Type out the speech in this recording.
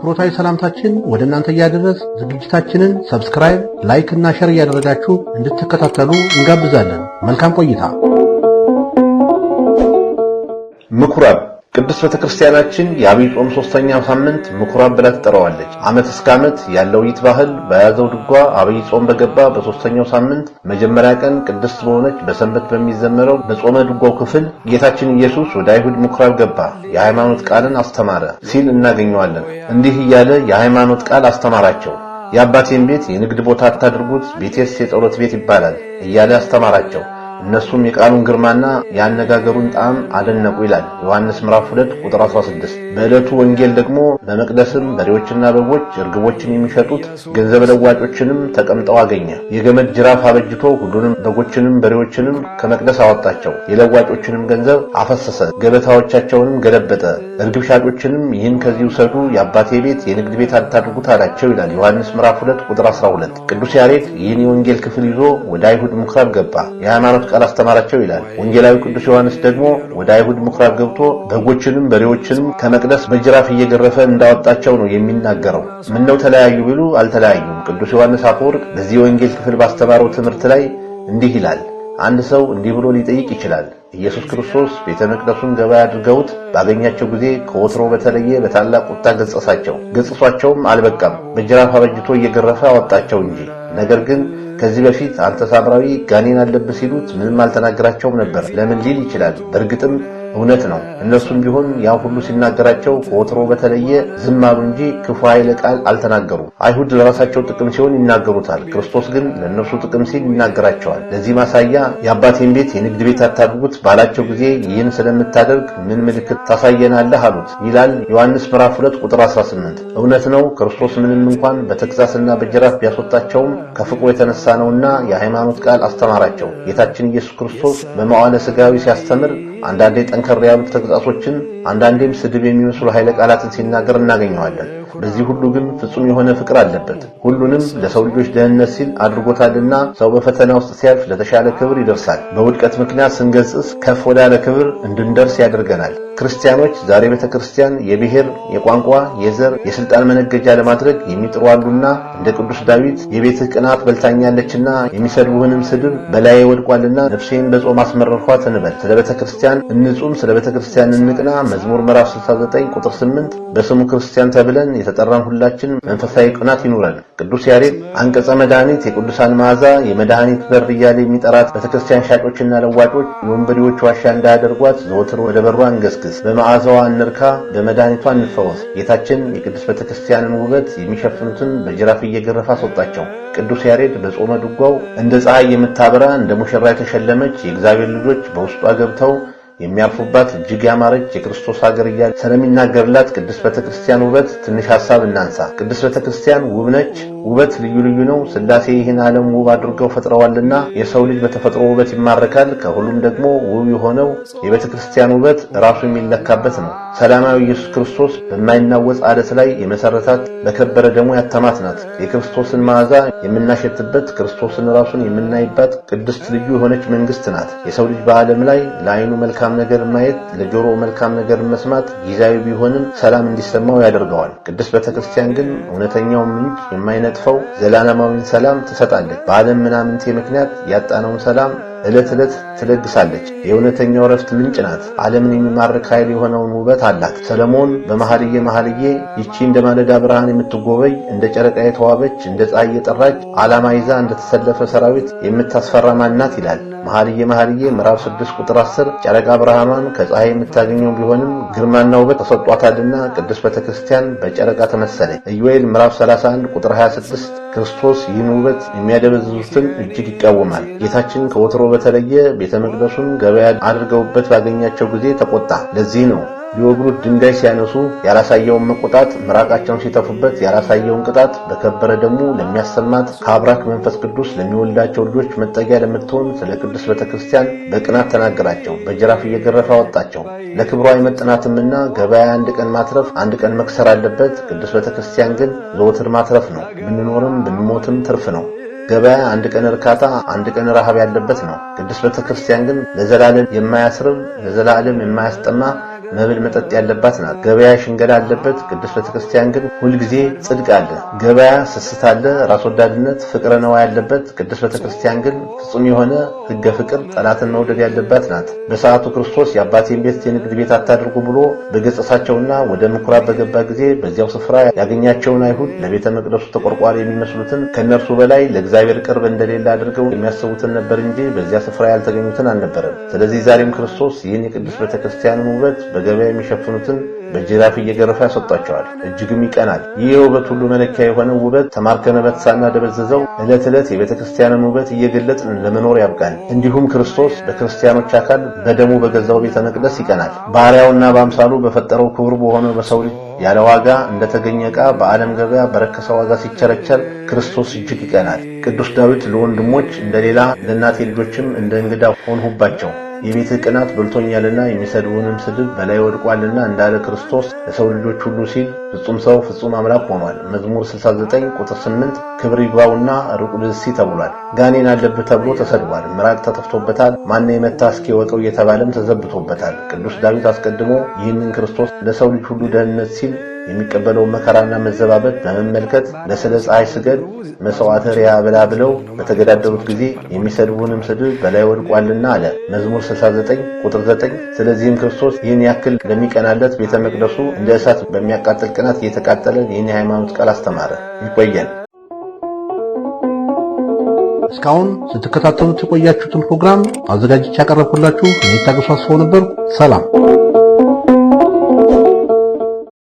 አክብሮታዊ ሰላምታችን ወደ እናንተ እያደረስ ዝግጅታችንን ሰብስክራይብ፣ ላይክ እና ሸር እያደረጋችሁ እንድትከታተሉ እንጋብዛለን። መልካም ቆይታ። ምኩራብ ቅድስት ቤተክርስቲያናችን የአብይ ጾም ሶስተኛ ሳምንት ምኩራብ ብላ ትጠራዋለች። ዓመት እስከ ዓመት ያለው ይት ባህል በያዘው ድጓ አብይ ጾም በገባ በሶስተኛው ሳምንት መጀመሪያ ቀን ቅድስት በሆነች በሰንበት በሚዘመረው በጾመ ድጓው ክፍል ጌታችን ኢየሱስ ወደ አይሁድ ምኩራብ ገባ፣ የሃይማኖት ቃልን አስተማረ ሲል እናገኘዋለን። እንዲህ እያለ የሃይማኖት ቃል አስተማራቸው። የአባቴን ቤት የንግድ ቦታ አታድርጉት፣ ቤቴስ የጸሎት ቤት ይባላል እያለ አስተማራቸው። እነሱም የቃሉን ግርማና የአነጋገሩን ጣዕም አደነቁ ይላል ዮሐንስ ምዕራፍ 2 ቁጥር 16። በዕለቱ ወንጌል ደግሞ በመቅደስም በሬዎችና በጎች እርግቦችን የሚሸጡት ገንዘብ ለዋጮችንም ተቀምጠው አገኘ። የገመድ ጅራፍ አበጅቶ ሁሉንም በጎችንም በሬዎችንም ከመቅደስ አወጣቸው። የለዋጮችንም ገንዘብ አፈሰሰ፣ ገበታዎቻቸውንም ገለበጠ። እርግብ ሻጮችንም ይህን ከዚህ ውሰዱ፣ የአባቴ ቤት የንግድ ቤት አታድርጉት አላቸው ይላል ዮሐንስ ምዕራፍ 2 ቁጥር 12። ቅዱስ ያሬድ ይህን የወንጌል ክፍል ይዞ ወደ አይሁድ ምኩራብ ገባ። የሃይማኖት ቃል አስተማራቸው ይላል። ወንጌላዊ ቅዱስ ዮሐንስ ደግሞ ወደ አይሁድ ምኩራብ ገብቶ በጎችንም በሬዎችንም ከመቅደስ በጅራፍ እየገረፈ እንዳወጣቸው ነው የሚናገረው። ምነው ተለያዩ ቢሉ አልተለያዩም። ቅዱስ ዮሐንስ አፈወርቅ በዚህ ወንጌል ክፍል ባስተማረው ትምህርት ላይ እንዲህ ይላል። አንድ ሰው እንዲህ ብሎ ሊጠይቅ ይችላል። ኢየሱስ ክርስቶስ ቤተ መቅደሱን ገበያ አድርገውት ባገኛቸው ጊዜ ከወትሮ በተለየ በታላቅ ቁጣ ገጸሳቸው ገጽሷቸውም አልበቃም፣ በጅራፍ አበጅቶ እየገረፈ አወጣቸው እንጂ። ነገር ግን ከዚህ በፊት አንተ ሳምራዊ ጋኔን አለብህ ሲሉት ምንም አልተናገራቸውም ነበር ለምን ሊል ይችላል። በእርግጥም እውነት ነው። እነሱም ቢሆን ያ ሁሉ ሲናገራቸው ከወትሮ በተለየ ዝም አሉ እንጂ ክፉ ኃይለ ቃል አልተናገሩም። አይሁድ ለራሳቸው ጥቅም ሲሆን ይናገሩታል፣ ክርስቶስ ግን ለእነርሱ ጥቅም ሲል ይናገራቸዋል። ለዚህ ማሳያ የአባቴን ቤት የንግድ ቤት አታድርጉት ባላቸው ጊዜ ይህን ስለምታደርግ ምን ምልክት ታሳየናለህ አሉት ይላል ዮሐንስ ምዕራፍ 2 ቁጥር 18። እውነት ነው። ክርስቶስ ምንም እንኳን በተግዛስና በጅራፍ ቢያስወጣቸውም ከፍቅሩ የተነሳ ነውና የሃይማኖት ቃል አስተማራቸው። ጌታችን ኢየሱስ ክርስቶስ በመዋዕለ ሥጋዊ ሲያስተምር አንዳንዴ ጠንከር ያሉ ተግሳጾችን፣ አንዳንዴም ስድብ የሚመስሉ ኃይለ ቃላትን ሲናገር እናገኘዋለን። በዚህ ሁሉ ግን ፍጹም የሆነ ፍቅር አለበት። ሁሉንም ለሰው ልጆች ደህንነት ሲል አድርጎታልና ሰው በፈተና ውስጥ ሲያልፍ ለተሻለ ክብር ይደርሳል። በውድቀት ምክንያት ስንገጽስ ከፍ ወዳለ ክብር እንድንደርስ ያደርገናል። ክርስቲያኖች ዛሬ ቤተ ክርስቲያን የብሔር፣ የቋንቋ፣ የዘር፣ የስልጣን መነገጃ ለማድረግ የሚጥሩ አሉና እንደ ቅዱስ ዳዊት የቤትህ ቅናት በልታኛለችና የሚሰድቡህንም ስድብ በላይ ወድቋልና ነፍሴን በጾም አስመረርኳት እንበል። ስለ ቤተ ክርስቲያን ክርስቲያን እንጹም፣ ስለ ቤተ ክርስቲያን እንቅና መዝሙር ምዕራፍ 69 ቁጥር 8 በስሙ ክርስቲያን ተብለን የተጠራን ሁላችን መንፈሳዊ ቅናት ይኑረን። ቅዱስ ያሬድ አንቀጸ መድኃኒት፣ የቅዱሳን መዓዛ፣ የመድኃኒት በር እያለ የሚጠራት ቤተ ክርስቲያን ሻጮችና ለዋጮች የወንበዴዎች ዋሻ እንዳያደርጓት ዘወትር ወደ በሯ እንገስግስ፣ በመዓዛዋ እንርካ፣ በመድኃኒቷ እንፈወስ። ጌታችን የቅዱስ ቤተ ክርስቲያንን ውበት የሚሸፍኑትን በጅራፍ እየገረፈ አስወጣቸው። ቅዱስ ያሬድ በጾመ ድጓው እንደ ፀሐይ የምታበራ እንደ ሙሽራ የተሸለመች የእግዚአብሔር ልጆች በውስጧ ገብተው የሚያርፉባት እጅግ ያማረች የክርስቶስ ሀገር እያለ ስለሚናገርላት ቅዱስ ቤተ ክርስቲያን ውበት ትንሽ ሀሳብ እናንሳ። ቅዱስ ቤተ ክርስቲያን ውብ ነች፣ ውበት ልዩ ልዩ ነው። ስላሴ ይህን ዓለም ውብ አድርገው ፈጥረዋልና የሰው ልጅ በተፈጥሮ ውበት ይማረካል። ከሁሉም ደግሞ ውብ የሆነው የቤተ ክርስቲያን ውበት ራሱ የሚለካበት ነው። ሰላማዊ ኢየሱስ ክርስቶስ በማይናወጽ አለት ላይ የመሠረታት በከበረ ደግሞ ያተማት ናት። የክርስቶስን መዓዛ የምናሸትበት ክርስቶስን ራሱን የምናይባት ቅድስት ልዩ የሆነች መንግሥት ናት። የሰው ልጅ በዓለም ላይ ለዓይኑ መልካም መልካም ነገር ማየት፣ ለጆሮ መልካም ነገር መስማት ጊዜያዊ ቢሆንም ሰላም እንዲሰማው ያደርገዋል። ቅድስት ቤተክርስቲያን ግን እውነተኛው ምንጭ የማይነጥፈው ዘላለማዊን ሰላም ትሰጣለች። በዓለም ምናምንቴ ምክንያት ያጣነውን ሰላም ዕለት ዕለት ትለግሳለች። የእውነተኛው ረፍት ምንጭ ናት። ዓለምን የሚማርክ ኃይል የሆነውን ውበት አላት። ሰለሞን በመኃልየ መኃልዬ ይቺ እንደ ማለዳ ብርሃን የምትጎበኝ፣ እንደ ጨረቃ የተዋበች እንደ ፀሐይ የጠራች ዓላማ ይዛ እንደተሰለፈ ሰራዊት የምታስፈራ ማናት ይላል። መኃልየ መኃልዬ ምዕራፍ 6 ቁጥር 10 ጨረቃ ብርሃኗን ከፀሐይ የምታገኘው ቢሆንም ግርማና ውበት ተሰጧታልና ቅዱስ ቤተ ክርስቲያን በጨረቃ ተመሰለች። ኢዮኤል ምዕራፍ 31 ቁጥር 26 ክርስቶስ ይህን ውበት የሚያደበዝዙትን እጅግ ይቃወማል። ጌታችን ከወትሮ በተለየ ቤተ መቅደሱን ገበያ አድርገውበት ባገኛቸው ጊዜ ተቆጣ። ለዚህ ነው ሊወግሩት ድንጋይ ሲያነሱ ያላሳየውን መቆጣት፣ ምራቃቸውን ሲተፉበት ያላሳየውን ቅጣት በከበረ ደግሞ ለሚያሰማት ከአብራክ መንፈስ ቅዱስ ለሚወልዳቸው ልጆች መጠጊያ ለምትሆን ስለ ቅዱስ ቤተ ክርስቲያን በቅናት ተናገራቸው። በጅራፍ እየገረፈ አወጣቸው። ለክብሯ አይመጥናትምና ገበያ አንድ ቀን ማትረፍ አንድ ቀን መክሰር አለበት። ቅዱስ ቤተ ክርስቲያን ግን ዘወትር ማትረፍ ነው። ብንኖርም ብንሞትም ትርፍ ነው። ገበያ አንድ ቀን እርካታ፣ አንድ ቀን ረሃብ ያለበት ነው። ቅዱስ ቤተ ክርስቲያን ግን ለዘላለም የማያስርብ ለዘላለም የማያስጠማ መብል መጠጥ ያለባት ናት። ገበያ ሽንገላ አለበት። ቅዱስ ቤተክርስቲያን ግን ሁልጊዜ ጽድቅ አለ። ገበያ ስስት አለ፣ ራስ ወዳድነት፣ ፍቅረ ነዋ ያለበት። ቅዱስ ቤተክርስቲያን ግን ፍጹም የሆነ ህገ ፍቅር፣ ጠላትን መውደድ ያለባት ናት። በሰዓቱ ክርስቶስ የአባቴን ቤት የንግድ ቤት አታድርጉ ብሎ በገጸሳቸውና ወደ ምኩራብ በገባ ጊዜ በዚያው ስፍራ ያገኛቸውን አይሁድ ለቤተ መቅደሱ ተቆርቋሪ የሚመስሉትን ከእነርሱ በላይ ለእግዚአብሔር ቅርብ እንደሌለ አድርገው የሚያስቡትን ነበር እንጂ በዚያ ስፍራ ያልተገኙትን አልነበረም። ስለዚህ ዛሬም ክርስቶስ ይህን የቅዱስ ቤተክርስቲያንን ውበት ödemeymiş Apunut'un በጅራፍ እየገረፈ ያሰጧቸዋል። እጅግም ይቀናል። ይህ የውበት ሁሉ መለኪያ የሆነ ውበት ተማርከንበት ደበዘዘው ዕለት ዕለት የቤተ ክርስቲያንን ውበት እየገለጥን ለመኖር ያብቃል። እንዲሁም ክርስቶስ በክርስቲያኖች አካል በደሙ በገዛው ቤተ መቅደስ ይቀናል። ባሪያውና በአምሳሉ በፈጠረው ክቡር በሆነው በሰው ልጅ ያለ ዋጋ እንደተገኘ ዕቃ በዓለም ገበያ በረከሰ ዋጋ ሲቸረቸር ክርስቶስ እጅግ ይቀናል። ቅዱስ ዳዊት ለወንድሞች እንደሌላ ለእናቴ ልጆችም እንደ እንግዳ ሆንሁባቸው፣ የቤትህ ቅናት በልቶኛልና የሚሰድቡንም ስድብ በላይ ወድቋልና እንዳለ ክርስቶስ ክርስቶስ ለሰው ልጆች ሁሉ ሲል ፍጹም ሰው ፍጹም አምላክ ሆኗል። መዝሙር 69 ቁጥር 8 ክብር ይግባውና ርቁ ብእሲ ተብሏል። ጋኔን አለብህ ተብሎ ተሰድቧል። ምራቅ ተጠፍቶበታል። ማነው የመታ እስኪወጠው እየተባለም ተዘብቶበታል። ቅዱስ ዳዊት አስቀድሞ ይህንን ክርስቶስ ለሰው ልጅ ሁሉ ደህንነት ሲል የሚቀበለውን መከራና መዘባበት በመመልከት ለስለ ፀሐይ ስገድ መሥዋዕት ሪያ ብላ ብለው በተገዳደሩት ጊዜ የሚሰድቡንም ስድብ በላይ ወድቋልና አለ መዝሙር 69 ቁጥር 9። ስለዚህም ክርስቶስ ይህን ያክል ለሚቀናለት ቤተ መቅደሱ እንደ እሳት በሚያቃጥል ቅናት እየተቃጠለ ይህን የሃይማኖት ቃል አስተማረ። ይቆየን። እስካሁን ስትከታተሉት የቆያችሁትን ፕሮግራም አዘጋጅቼ ያቀረብኩላችሁ እኔ ታገሱ አስፋው ነበርኩ። ሰላም